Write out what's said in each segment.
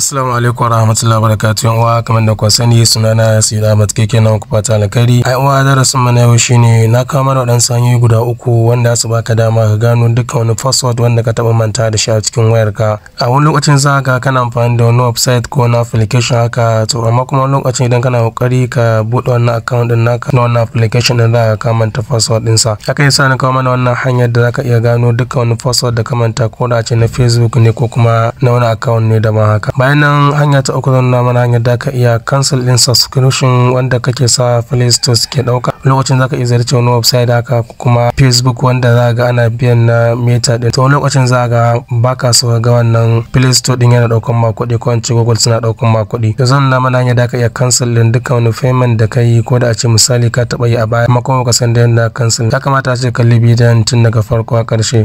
Assalamu alaikum warahmatullahi wabarakatuh yan uwa kamar da ku sani sunana Sayyid Ahmad keke nan ku fata alkari ai uwa darasin mu na yau shine na kawo mana wadansu sanyi guda uku wanda su baka dama ka gano dukkan wani password wanda ka taba manta da shi a cikin wayar ka a wani lokacin za ka kana amfani da wani website ko wani application haka to amma kuma wani lokacin idan kana kokari ka bude wannan account din naka na wannan application din za ka manta password din sa haka yasa na kawo mana wannan hanyar da za ka iya gano dukkan wani password da ka manta ko da ce na Facebook ne ko kuma na wani account ne da ma haka bayan hanya ta uku zan mana hanyar da ka iya cancel din subscription wanda kake sa play store suke dauka lokacin zaka iya zarce wani website haka kuma facebook wanda za ga ana biyan na meta din to lokacin za ga baka so ga wannan play store din yana daukan ma kuɗi ko in google suna daukan ma kuɗi to zan mana hanyar da ka iya cancel din dukkan wani payment da kai ko da a ce misali ka taba yi a baya kuma kuma ka san da kansil. cancel ya kamata a ce kalli bidiyon tun daga farko a ƙarshe.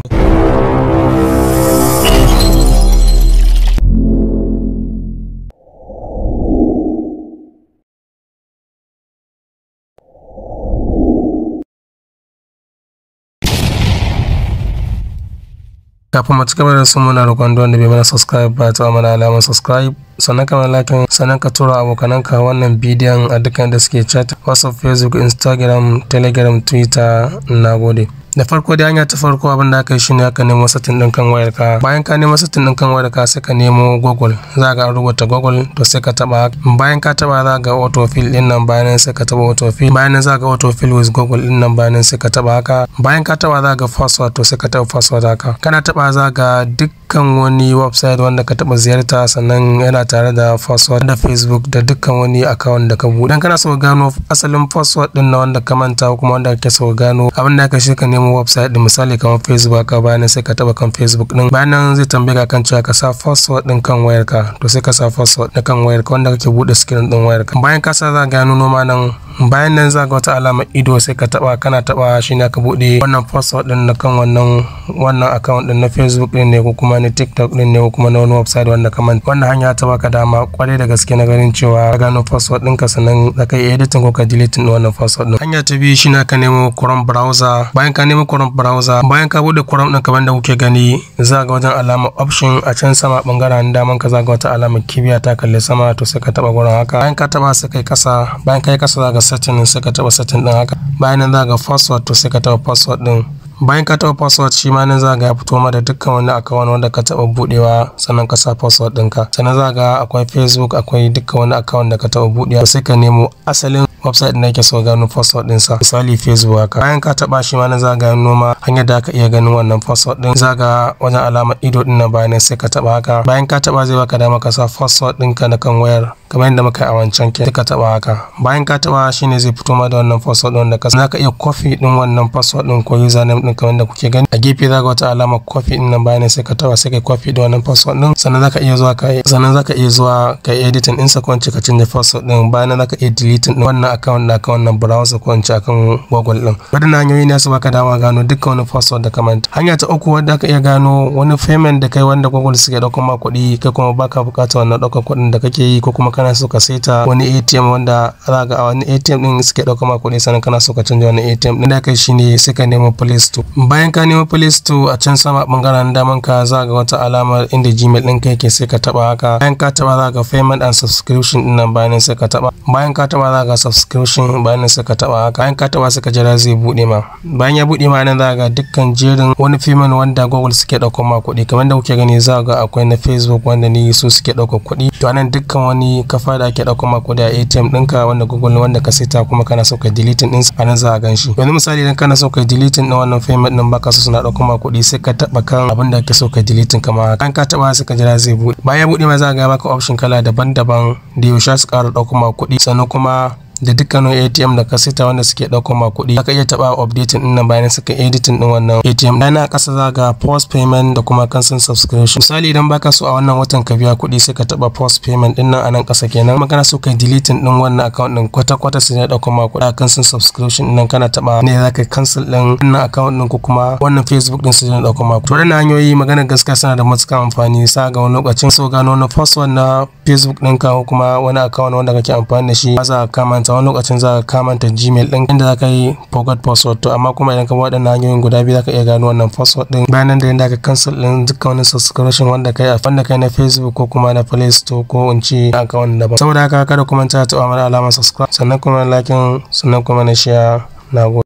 kafin mu ci gaba da su muna roƙon duk bai mana subscribe ba ta mana alamar subscribe sannan ka lakin sannan ka tura abokananka wannan bidiyon a dukkan da suke chat whatsapp facebook instagram telegram twitter na gode da farko da hanya ta farko abin da aka yi shine aka nemo satin din kan wayar ka bayan ka nemo satin din kan wayar ka sai ka nemo google za ka rubuta google to sai ka taba bayan ka taba za ga autofill din nan bayan sai ka taba autofill bayan za ga autofill with google din nan bayan sai ka taba haka bayan ka taba za ga password to sai ka taba password haka kana taba za ga dukkan wani website wanda ka taba ziyarta sannan yana tare da password da facebook da dukkan wani account da ka bude dan kana so gano asalin password din na wanda ka manta kuma wanda kake so gano abin da ka shirka nemo website din misali kamar facebook ka bayan sai ka taba kan facebook din bayan nan zai tambaye kan cewa ka sa password din kan wayar ka to sai ka sa password na kan wayar ka wanda kake bude screen din wayar ka bayan ka sa za gano noma nan bayan nan za ga wata alama ido sai ka taba kana taba shi ne ka bude wannan password din na kan wannan wannan account din na Facebook din ne ko kuma na TikTok din ne ko kuma na wani website wanda ka manta wannan hanya ta baka dama kwarai da gaske na ganin cewa ka gano password ɗinka sannan da ka yi editing ko ka delete ɗin wannan password din hanya ta biyu shine ka nemo chrome browser bayan ka nemo chrome browser bayan ka bude chrome ɗin kaban da kuke gani za ga wajen alamar option a can sama bangaren daman ka za ga wata alamar kibiya ta kalli sama to sai ka taba gurin haka bayan ka taba sai kai kasa bayan kai kasa za ga setting sai ka taba setting ɗin haka bayan nan za ga password to sai ka taba password ɗin bayan ka taɓa password shi ma nan za ga ya fito ma da dukkan wani account wanda ka taɓa buɗewa sannan ka sa password ɗinka sannan za ga akwai facebook akwai dukkan wani account da ka taɓa buɗewa sai ka nemo asalin website ɗin ake so gano password ɗinsa misali facebook haka bayan ka taɓa shi ma nan za ga noma hanyar da ka iya ganin wannan password ɗin za ga wajen alamar ido ɗin na bayanan sai ka taɓa haka bayan ka taɓa zai baka dama ka sa password ɗinka na kan wayar kamar yadda muka yi a wancan ke ka taɓa haka bayan ka taɓa shine zai fito ma da wannan password ɗin da ka za ka iya copy ɗin wannan password ɗin ko username ɗin kamar da kuke gani a gefe za ka wata alamar kofi ɗin nan bayan sai ka taba sai kai kofi da wannan password ɗin sannan za ka iya zuwa ka sannan za ka iya zuwa ka yi editing sa ko ka canza password ɗin bayan za ka iya deleting ɗin wannan account da ka wannan browser ko akan google ɗin waɗannan hanyoyi ne su baka dama gano dukkan wani password da kamanta hanya ta uku wadda ka iya gano wani payment da kai wanda google suke ɗaukan ma kuɗi kai kuma baka bukata wannan ɗaukar kuɗin da kake yi ko kuma kana so ka saita wani atm wanda za ga a wani atm ɗin suke ɗaukan ma kuɗi sannan kana so ka canza wani atm ɗin da kai shine sai ka nemi police Store. Bayan ka nemo place to a can sama bangaren daman ka za ga wata alamar inda Gmail din ka yake sai ka taba haka. Bayan ka taba za ga payment and subscription din nan bayan sai ka taba. Bayan ka taba za ga subscription bayan sai ka taba haka. Bayan ka taba sai ka jira zai buɗe ma. Bayan ya buɗe ma nan za ga dukkan jerin wani payment wanda Google suke dauko ma kuɗi kamar da kuke gani za ga akwai na Facebook wanda ni su suke dauko kuɗi. To anan dukkan wani kafa da ake dauko ma kuɗi a ATM ɗinka wanda Google wanda ka sita kuma kana so ka deleting ɗinsa anan za a gan shi. Yanzu misali idan kana so ka deleting din wannan payment din baka su suna ɗaukan ma kuɗi sai ka taɓa kan abin da aka so ka deleting kama kan ka taɓa sai ka jira zai buɗe bayan buɗe ma za ga baka option kala daban-daban da yaushe su ƙara ɗaukan ma kuɗi sannan kuma da dukkanin ATM da ka sita wanda suke dauko ma kuɗi ka iya taɓa updating ɗin nan bayan suka editing ɗin wannan ATM dana ƙasa za ga post payment da kuma cancel subscription misali idan baka so a wannan watan ka biya kuɗi sai ka taɓa post payment ɗin nan a nan ƙasa kenan magana so ka deleting ɗin wannan account ɗin kwata kwata sai ya dauko ma kuɗi cancel subscription ɗin nan kana taɓa ne zaka cancel ɗin wannan account ɗin ko kuma wannan Facebook ɗin sai ya dauko ma kuɗi to hanyoyi magana gaskiya suna da matuƙar amfani sa ga wani lokacin so gano na one na facebook ɗinka ko kuma wani account wanda kake amfani da shi za ka kamanta wani lokacin za ka kamanta gmail ɗin inda za ka yi forgot password to amma kuma idan ka waɗannan hanyoyin guda biyu za ka iya gano wannan password ɗin bayan nan da yadda ka cancel ɗin dukkan wani subscription wanda kai a wanda kai na facebook ko kuma na play store ko in ce account daban saboda haka kada ku manta ta alamar alamar subscribe sannan kuma na like sannan kuma na share na